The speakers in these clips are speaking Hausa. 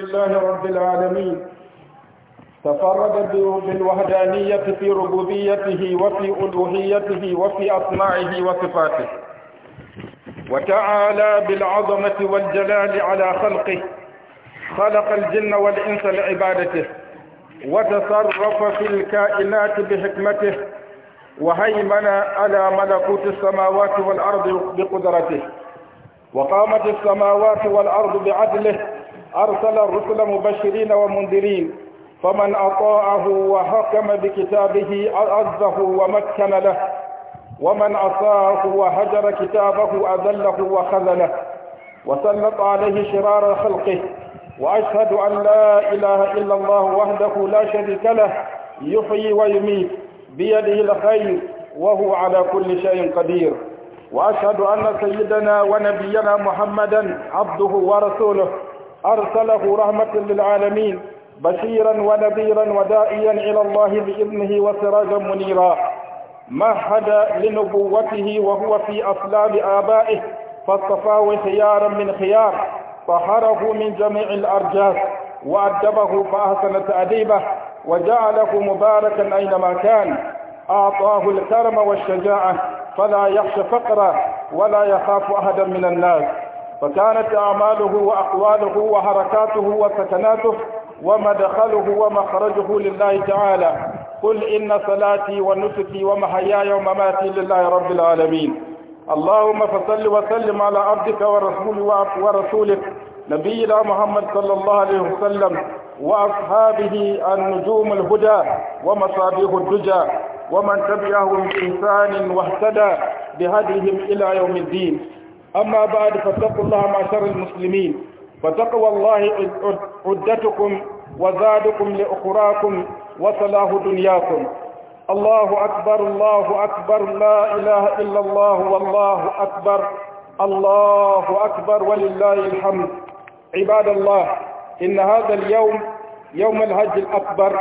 لله رب العالمين تفرد بالوحدانية في ربوبيته وفي ألوهيته وفي أسماعه وصفاته وتعالى بالعظمة والجلال على خلقه خلق الجن والإنس لعبادته وتصرف في الكائنات بحكمته وهيمن على ملكوت السماوات والأرض بقدرته وقامت السماوات والأرض بعدله أرسل الرسل مبشرين ومنذرين فمن أطاعه وحكم بكتابه أعزه ومكن له ومن أصاه وهجر كتابه أذله وخذله وسلط عليه شرار خلقه وأشهد أن لا إله إلا الله وحده لا شريك له يحيي ويميت بيده الخير وهو على كل شيء قدير وأشهد أن سيدنا ونبينا محمدا عبده ورسوله أرسله رحمة للعالمين بشيرا ونذيرا ودائيا إلى الله بإذنه وسراجا منيرا مهد لنبوته وهو في أصلاب آبائه فاصطفاه خيارا من خيار طهره من جميع الأرجاس وأدبه فأحسن تأديبه وجعله مباركا أينما كان أعطاه الكرم والشجاعة فلا يخشى فقرا ولا يخاف أحدا من الناس فكانت أعماله وأقواله وحركاته وسكناته ومدخله ومخرجه لله تعالى قل إن صلاتي ونسكي ومحياي ومماتي لله رب العالمين اللهم فصل وسلم على عبدك ورسول ورسولك نبينا محمد صلى الله عليه وسلم وأصحابه النجوم الهدى ومصابيح الدجى ومن تبعهم بإحسان واهتدى بهديهم إلى يوم الدين أما بعد فاتقوا الله معشر المسلمين فتقوى الله عدتكم وزادكم لأخراكم وصلاه دنياكم الله أكبر الله أكبر لا إله إلا الله والله أكبر الله أكبر ولله الحمد عباد الله إن هذا اليوم يوم الهج الأكبر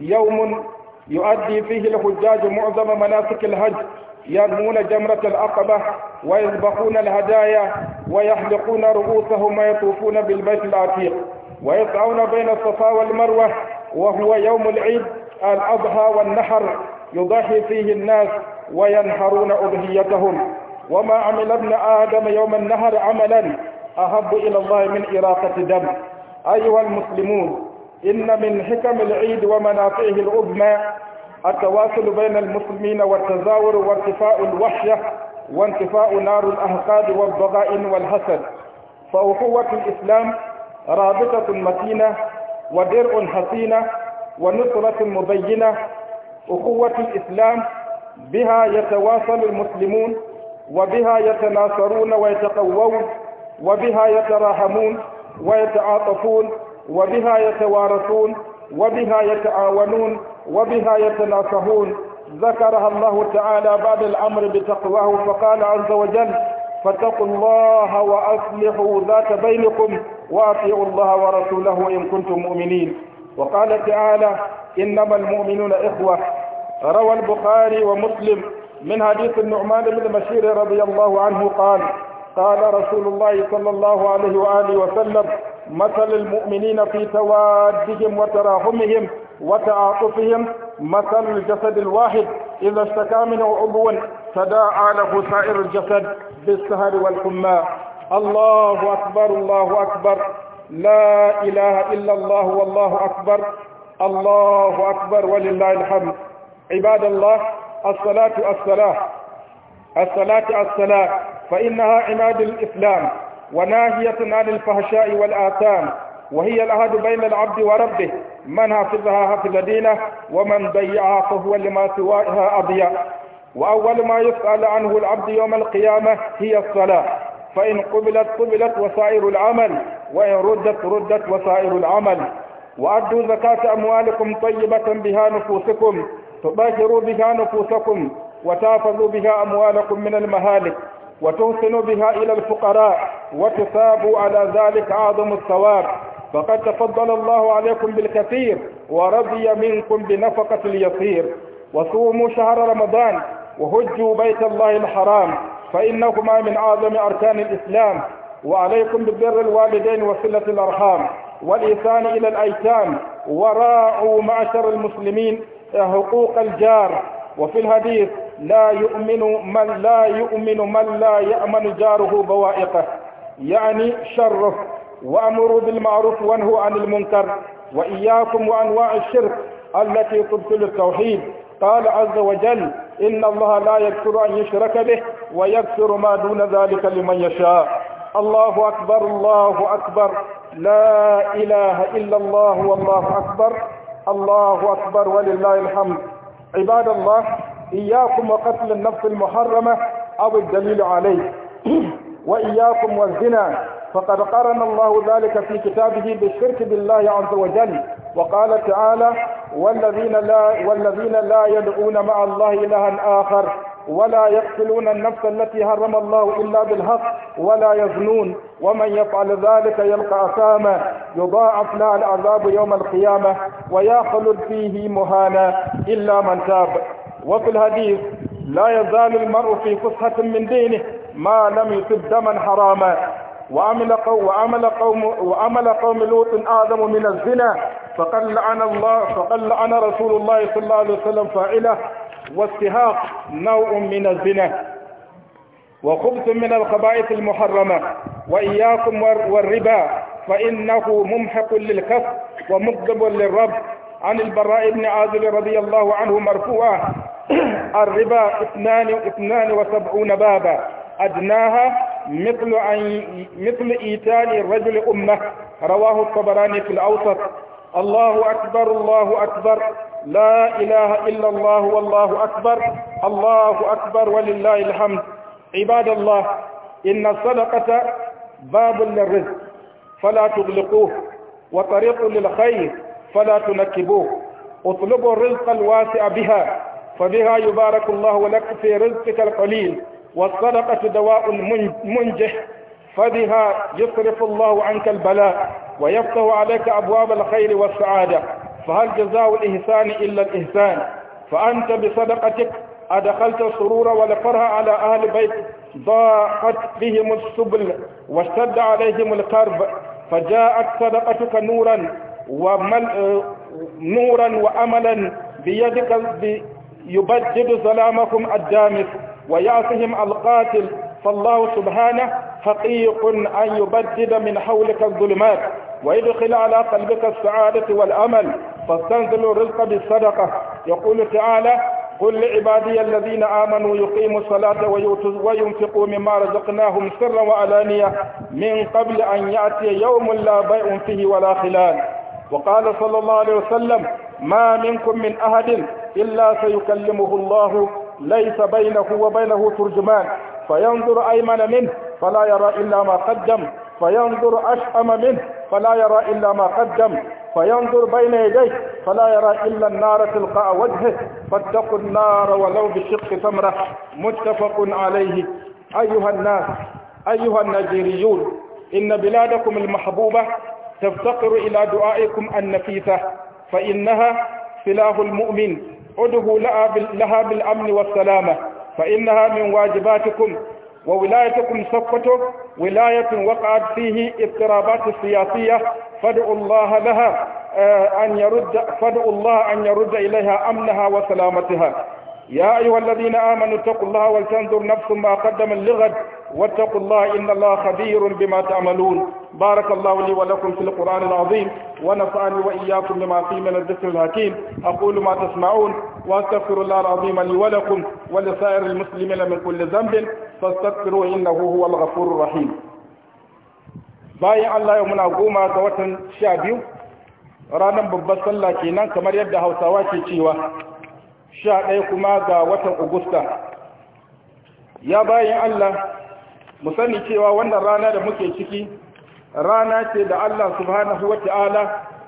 يوم يؤدي فيه الحجاج معظم مناسك الهج يرمون جمرة العقبة ويذبحون الهدايا ويحلقون رؤوسهم ويطوفون بالبيت العتيق ويسعون بين الصفا والمروة وهو يوم العيد الأضحى والنحر يضحي فيه الناس وينحرون أضحيتهم وما عمل ابن آدم يوم النهر عملا أحب إلى الله من إراقة دم أيها المسلمون إن من حكم العيد ومنافعه العظمى التواصل بين المسلمين والتزاور وارتفاع الوحشة وانتفاء نار الأهقاد والضغائن والحسد فأخوة الإسلام رابطة متينة ودرء حصينة ونصرة مبينة أخوة الإسلام بها يتواصل المسلمون وبها يتناصرون ويتقوون وبها يتراحمون ويتعاطفون وبها يتوارثون وبها يتعاونون وبها يتناصحون ذكرها الله تعالى بعد الأمر بتقواه فقال عز وجل فاتقوا الله وأصلحوا ذات بينكم وأطيعوا الله ورسوله إن كنتم مؤمنين وقال تعالى إنما المؤمنون إخوة روى البخاري ومسلم من حديث النعمان بن بشير رضي الله عنه قال قال رسول الله صلى الله عليه وآله وسلم مثل المؤمنين في توادهم وتراحمهم وتعاطفهم مثل الجسد الواحد إذا اشتكى منه عضو تداعى له سائر الجسد بالسهر والحمى الله أكبر الله أكبر لا إله إلا الله والله أكبر الله أكبر ولله الحمد عباد الله الصلاة الصلاة الصلاة الصلاة فإنها عماد الإسلام وناهية عن الفحشاء والآثام وهي العهد بين العبد وربه من حفظها حفظ دينه ومن ضيعها فهو لما سواها أضيع وأول ما يسأل عنه العبد يوم القيامة هي الصلاة فإن قبلت قبلت وسائر العمل وإن ردت ردت وسائر العمل وأدوا زكاة أموالكم طيبة بها نفوسكم تباشروا بها نفوسكم وتحفظوا بها أموالكم من المهالك وتحسنوا بها إلى الفقراء وتثابوا على ذلك أعظم الثواب فقد تفضل الله عليكم بالكثير ورضي منكم بنفقة اليسير وصوموا شهر رمضان وهجوا بيت الله الحرام فإنهما من أعظم أركان الإسلام وعليكم ببر الوالدين وصلة الأرحام والإحسان إلى الأيتام وراعوا معشر المسلمين حقوق الجار وفي الحديث لا يؤمن من لا يؤمن من لا يأمن جاره بوائقه يعني شره وأمروا بالمعروف وانهوا عن المنكر وإياكم وأنواع الشرك التي تبطل التوحيد قال عز وجل إن الله لا يكفر أن يشرك به ويكفر ما دون ذلك لمن يشاء الله أكبر الله أكبر لا إله إلا الله والله أكبر الله أكبر ولله الحمد عباد الله إياكم وقتل النفس المحرمة أو الدليل عليه وإياكم والزنا فقد قرن الله ذلك في كتابه بالشرك بالله عز وجل وقال تعالى والذين لا, والذين لا يدعون مع الله إلها آخر ولا يقتلون النفس التي حرم الله إلا بالحق ولا يزنون ومن يفعل ذلك يلقى أثاما يضاعف له العذاب يوم القيامة ويخلد فيه مهانا إلا من تاب وفي الحديث لا يزال المرء في فسحة من دينه ما لم يصب دما حراما وعمل قوم وعمل قوم وعمل قوم لوط اعظم من الزنا فقل لعن الله فقل لعن رسول الله صلى الله عليه وسلم فاعله واستهاق نوع من الزنا وخبث من الخبائث المحرمه واياكم والربا فانه ممحق للكف ومغضب للرب عن البراء بن عازل رضي الله عنه مرفوعا الربا اثنان اثنان وسبعون بابا أدناها مثل أن مثل إيتان الرجل أمه رواه الطبراني في الأوسط الله أكبر الله أكبر لا إله إلا الله والله أكبر الله أكبر ولله الحمد عباد الله إن الصدقة باب للرزق فلا تغلقوه وطريق للخير فلا تنكبوه اطلبوا الرزق الواسع بها فبها يبارك الله لك في رزقك القليل والصدقة دواء منجح فبها يصرف الله عنك البلاء ويفتح عليك أبواب الخير والسعادة فهل جزاء الإحسان إلا الإحسان فأنت بصدقتك أدخلت السرور والفرح على أهل بيت ضاقت بهم السبل واشتد عليهم الكرب فجاءت صدقتك نورا ومل نورا وأملا بيدك يبجد ظلامكم الدامس ويعطهم القاتل فالله سبحانه حقيق أن يبدد من حولك الظلمات ويدخل على قلبك السعادة والأمل فاستنزل الرزق بالصدقة يقول تعالى قل لعبادي الذين آمنوا يقيموا الصلاة وينفقوا مما رزقناهم سرا وعلانية من قبل أن يأتي يوم لا بيع فيه ولا خلال وقال صلى الله عليه وسلم ما منكم من أحد إلا سيكلمه الله ليس بينه وبينه ترجمان فينظر أيمن منه فلا يرى إلا ما قدم فينظر أشأم منه فلا يرى إلا ما قدم فينظر بين يديه فلا يرى إلا النار تلقاء وجهه فاتقوا النار ولو بشق تمرة متفق عليه أيها الناس أيها النجيريون إن بلادكم المحبوبة تفتقر إلى دعائكم النفيسة فإنها سلاح المؤمن ادعوا لها بالأمن والسلامة فإنها من واجباتكم وولايتكم سقطت ولاية وقعت فيه اضطرابات سياسية فادعوا الله لها آه، أن يرد فادعوا الله أن يرد إليها أمنها وسلامتها يا أيها الذين آمنوا اتقوا الله ولتنظر نفس ما قدم لغد واتقوا الله إن الله خبير بما تعملون بارك الله لي ولكم في القرآن العظيم ونفعني وإياكم لما فيه من الذكر الحكيم أقول ما تسمعون وأستغفر الله العظيم لي ولكم ولسائر المسلمين من كل ذنب فاستغفروا إنه هو الغفور الرحيم بايع الله يومنا قوما كوتا شابيو ranar babbar sallah kenan kamar yadda hausawa ke cewa sha ɗaya kuma ga watan Agusta. Ya bayan Allah, mu sani cewa wannan rana da muke ciki, rana ce da Allah subhanahu wa ta'ala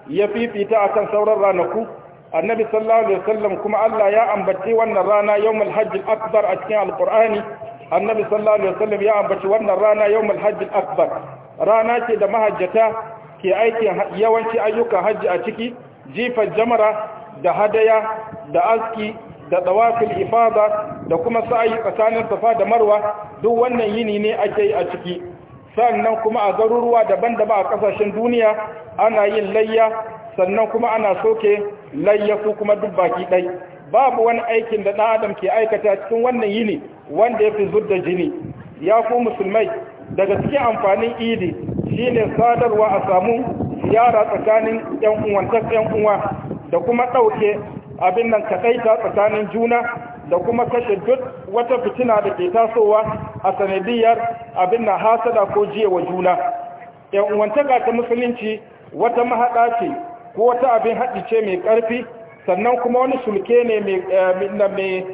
ya fifita a kan sauran ranaku, annabi sallallahu Alaihi wasallam kuma Allah ya ambaci wannan rana yau malhajjin akbar a cikin alkur'ani annabi sallallahu Alaihi wasallam ya ambaci wannan rana yau malhajjin akbar rana ce da mahajjata ke aikin yawanci ayyukan hajji a ciki jifar jamara da hadaya da aski da tsawafin ifada da kuma sa'ayi tsakanin safa da marwa duk wannan yini ne ake yi a ciki sannan kuma a garuruwa daban-daban a kasashen duniya ana yin layya sannan kuma ana soke layya su kuma duk baki ɗai babu wani aikin da ɗan adam ke aikata cikin wannan yini wanda ya fi zudda jini ya ku musulmai daga cikin amfanin idi shine sadarwa a samu ziyara tsakanin 'yan uwan uwa da kuma ɗauke abin nan kaɗaita tsakanin juna da kuma kashe duk wata fitina da ke tasowa a sanadiyar abin na hasada ko wa juna ‘yan uwantaka ta musulunci wata mahaɗa ce ko wata abin haɗi ce mai ƙarfi sannan kuma wani sulke ne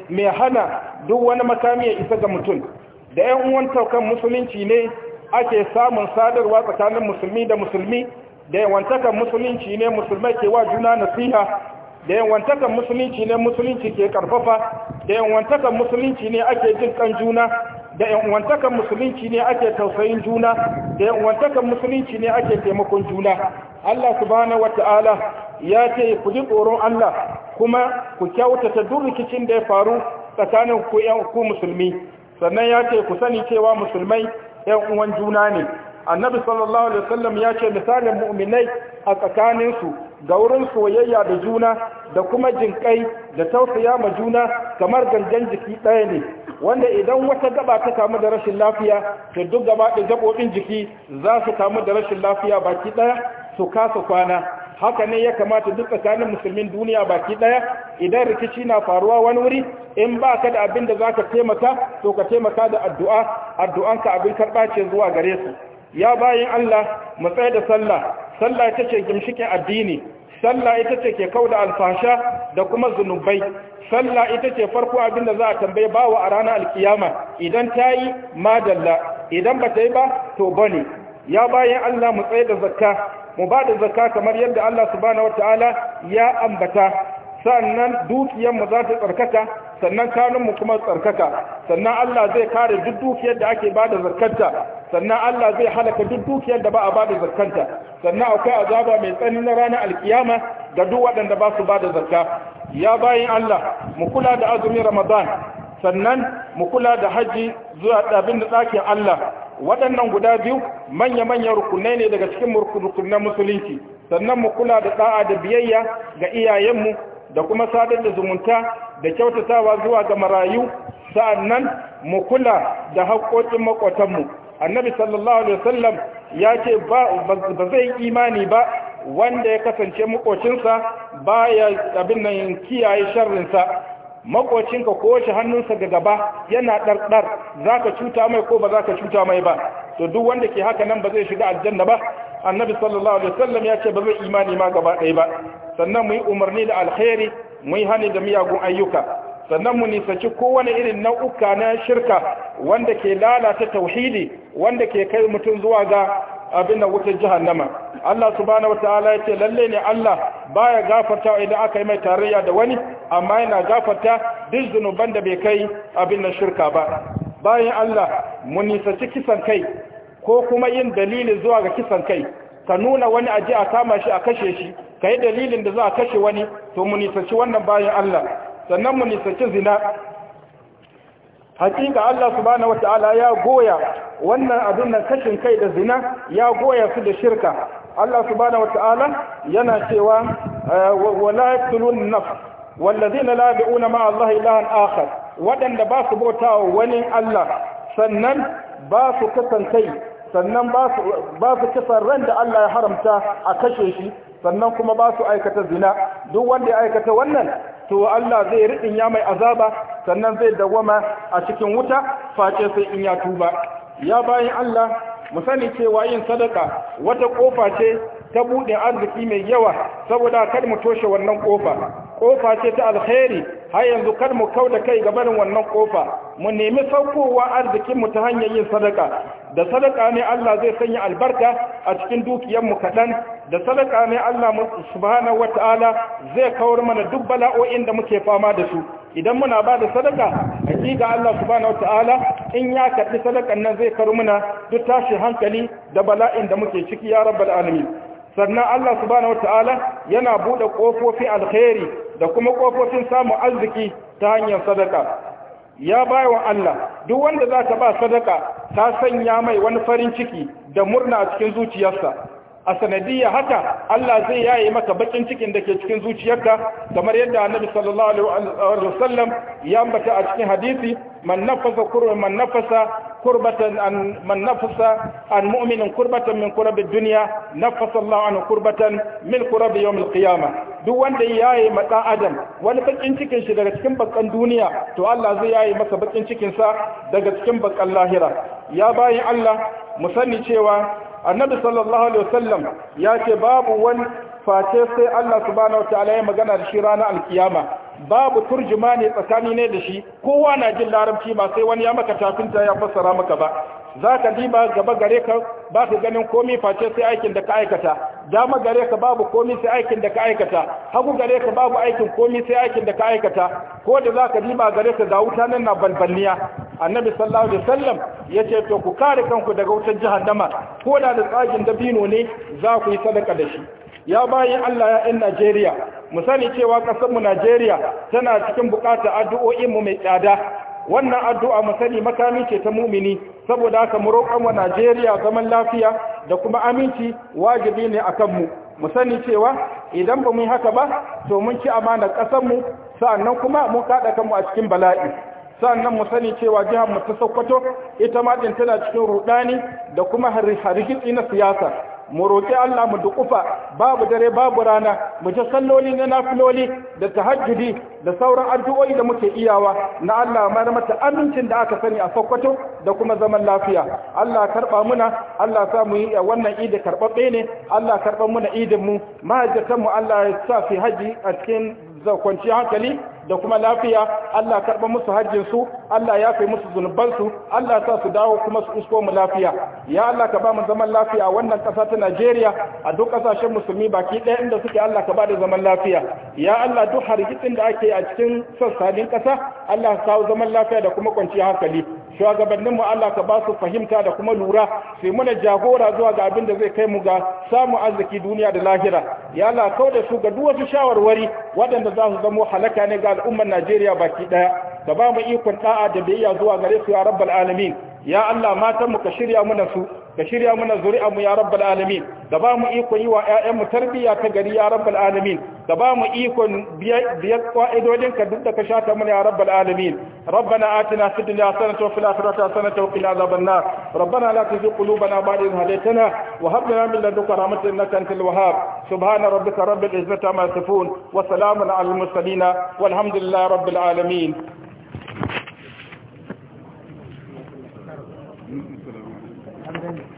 mai eh, hana duk wani makami ya isa ga mutum da ‘yan uwantakan musulunci ne ake samun sadarwa tsakanin musulmi da musulmi da yawantakan musulunci ne musulmai ke wa juna nasiha da yawantakan musulunci ne musulunci ke karfafa da yawantakan musulunci ne ake jin kan juna da yawantakan musulunci ne ake tausayin juna da yawantakan musulunci ne ake taimakon juna Allah subhanahu wata'ala ya ce ku ji tsoron Allah kuma ku kyautata duk rikicin da ya faru tsakanin ku ku musulmi sannan ya ce ku sani cewa musulmai 'yan uwan juna ne annabi sallallahu alaihi wasallam ya ce misalin mu'minai a tsakaninsu ga wurin soyayya da juna da kuma jinkai da tausaya ma juna kamar gangan jiki ɗaya ne wanda idan wata gaba ta kamu da rashin lafiya to duk gaba da gabobin jiki za su kamu da rashin lafiya baki ɗaya su kasa kwana haka ne ya kamata duk tsakanin musulmin duniya baki ɗaya idan rikici na faruwa wani wuri in ba ka da abin da za ka taimaka to ka taimaka da addu'a addu'anka abin karɓa ce zuwa gare su ya bayin Allah mu da sallah sallah ita ce gimshikin addini sallah ita ce ke kauda alfasha da kuma zunubai sallah ita ce farko abin da za a tambaye bawa a ranar alkiyama idan ta yi madalla idan ba ta yi ba to bane ya bayan Allah mu tsaye da zakka mu ba da zakka kamar yadda Allah subhanahu wataala ya ambata sannan dukiyar mu za ta tsarkaka sannan kanunmu kuma tsarkaka sannan Allah zai kare duk dukiyar da ake bada zarkanta sannan Allah zai halaka duk dukiyar da ba a bada zarkanta sannan akwai azaba mai tsanani na ranar alkiyama ga duk waɗanda ba su bada zarka ya bayin Allah mu kula da azumin Ramadan sannan mu kula da haji zuwa abin da Allah waɗannan guda biyu manya manya rukunai ne daga cikin rukunan musulunci sannan mu kula da da'a da biyayya ga iyayenmu da kuma sadar da zumunta da kyautatawa zuwa ga marayu nan mu kula da haƙoƙin maƙotanmu annabi sallallahu alaihi wasallam ya ce ba zai imani ba wanda ya kasance maƙocinsa baya abin nan kiyaye sharrinsa makocinka ko shi hannunsa ga gaba yana ɗarɗar za ka cuta mai ko ba za ka cuta mai ba to duk wanda ke haka nan ba zai shiga aljanna ba annabi sallallahu alaihi wasallam ya ce ba zai imani ma gaba ɗaya ba sannan mu yi umarni da alheri mu yi hani da miyagun ayyuka sannan mu nisanci kowane irin nau'uka na shirka wanda ke lalata tauhidi wanda ke kai mutum zuwa ga abin da wutar jahannama Allah subhanahu wataala ya ce lalle ne Allah baya gafarta idan aka yi mai tarayya da wani amma yana gafarta duk zunuban da bai kai abin na shirka ba bayan Allah mu nisanci kisan kai ko kuma yin dalili zuwa ga kisan kai ka nuna wani aji a kama shi a kashe shi ka yi dalilin da za a kashe wani to mu nisanci wannan bayan Allah sannan mu nisanci zina hakika Allah subhanahu wata'ala ya goya wannan abin nan kashin kai da zina ya goya su da shirka Allah subhanahu wata'ala yana cewa eh, wala yaqtulun nafs wallazina la yad'una ma Allah ilahan akhar wadanda ba su bautawa wani Allah sannan ba su kasan kai sannan ba su kasan ran da Allah ya haramta a kashe shi sannan kuma ba su aikata zina duk wanda ya aikata wannan to Allah zai riɗin ya mai azaba sannan zai dawwama a cikin wuta face sai in ya tuba ya bayan Allah mu sani cewa yin sadaka wata kofa ce ta buɗe arziki mai yawa saboda kar mu toshe wannan kofa kofa ce ta alkhairi har yanzu kar mu kauda kai ga barin wannan kofa mu nemi saukowa arzikin mu ta hanyar yin sadaka da sadaka ne Allah zai sanya albarka a cikin dukiyar mu kadan da sadaka ne Allah subhanahu wataala zai kawar mana duk bala'o'in da muke fama da su idan muna ba da sadaka hakika Allah subhanahu wataala in ya karbi sadakan nan zai kar mana duk tashi hankali da bala'in da muke ciki ya rabbal alamin sannan Allah subhanahu wataala yana bude kofofi alkhairi da kuma kofofin samun arziki ta hanyar sadaka ya bai wa Allah duk wanda za ta ba sadaka ta sanya mai wani farin ciki da murna a cikin zuciyarsa a sanadiyya haka Allah zai yaye maka bakin cikin da ke cikin zuciyarka kamar yadda annabi sallallahu alaihi wasallam ya ambata a cikin hadisi man nafasa kurwa man nafasa kurbatan an man nafasa an mu'minin kurbata min kurabi duniya nafasa Allah an kurbatan min kurabi yawm al-qiyama duk wanda ya yi ma adam wani bakin cikin shi daga cikin bakan duniya to Allah zai yayi masa bakin cikinsa daga cikin bakan lahira ya bayin Allah mu sani cewa annabi sallallahu alaihi wasallam ya ce babu wani face sai Allah subhanahu wataala ya magana da shi ranar alkiyama babu turjuma ne tsakani ne da shi kowa na jin larabci ba sai wani ya maka tafinta ya fassara maka ba za ka diba gaba gare ka ba ka ganin komi face sai aikin da ka aikata dama gare ka babu komi sai aikin da ka aikata hagu gare ka babu aikin komi sai aikin da ka aikata ko da za ka diba gare ka ga wuta nan na balbaliya annabi sallallahu alaihi wasallam ya ce to ku kare kanku daga wutar jahannama ko da da tsagin dabino ne za ku yi sadaka da shi ya bayi Allah ya ‘yan Najeriya, mu sani cewa ƙasarmu Najeriya tana cikin bukata addu'o'inmu mai tsada, wannan addu'a mu sani makami ce ta mumini, saboda haka mu roƙon wa Najeriya zaman lafiya da kuma aminci wajibi ne a kanmu. Mu sani cewa idan ba mu yi haka ba, to mun ci amanar ƙasarmu, sa'annan kuma mun kaɗa kanmu a cikin bala'i. sannan mu sani cewa jihar mu ta Sokoto ita ma din tana cikin rudani da kuma hargitsi na siyasa mu roƙi Allah mu duƙufa babu dare babu rana mu ji salloli na nafiloli da tahajjudi da sauran addu'o'i da muke iyawa na Allah mai mata amincin da aka sani a Sokoto da kuma zaman lafiya Allah karba muna Allah sa mu yi wannan idi karbabbe ne Allah karɓa muna idin mu mahajjatan mu Allah ya sa fi haji a cikin kwanciyar hankali da kuma lafiya Allah karɓa musu hajjinsu Allah ya fi musu zunubansu Allah sa su dawo kuma su isko mu lafiya ya Allah ka ba mu zaman lafiya wannan ƙasa ta Najeriya a duk ƙasashen musulmi baki ɗaya inda suke Allah ka ba da zaman lafiya ya Allah duk hargitsin da ake a cikin sassanin ƙasa Allah ka kawo zaman lafiya da kuma kwanciyar hankali shugabannin mu Allah ka ba su fahimta da kuma lura sai muna jagora zuwa ga abin da zai kai mu ga samu arziki duniya da lahira ya Allah kau da su ga duk wasu shawarwari waɗanda za su zamo halaka ne ga al'ummar Najeriya baki daya ka ba mu ikon da'a da biyayya zuwa gare su ya rabbal alamin ya Allah matan mu ka shirya muna su ka shirya mana zuri'a mu ya rabbal alamin da ba mu ikon yi wa ƴaƴan mu tarbiya ta gari ya rabbal alamin da ba mu ikon biyar ƙwa'idodin ka duk da ka sha ta muni a rabbal alamin rabbana atina fid dunya hasanatan wa fil akhirati hasanatan wa qina adhaban nar rabbana la tuzigh qulubana ba'da idh hadaytana wa hab lana min ladunka rahmatan innaka antal wahhab subhana rabbika rabbil izzati amma yasifun wa salamun alal mursalin walhamdulillahi rabbil alamin Thank you.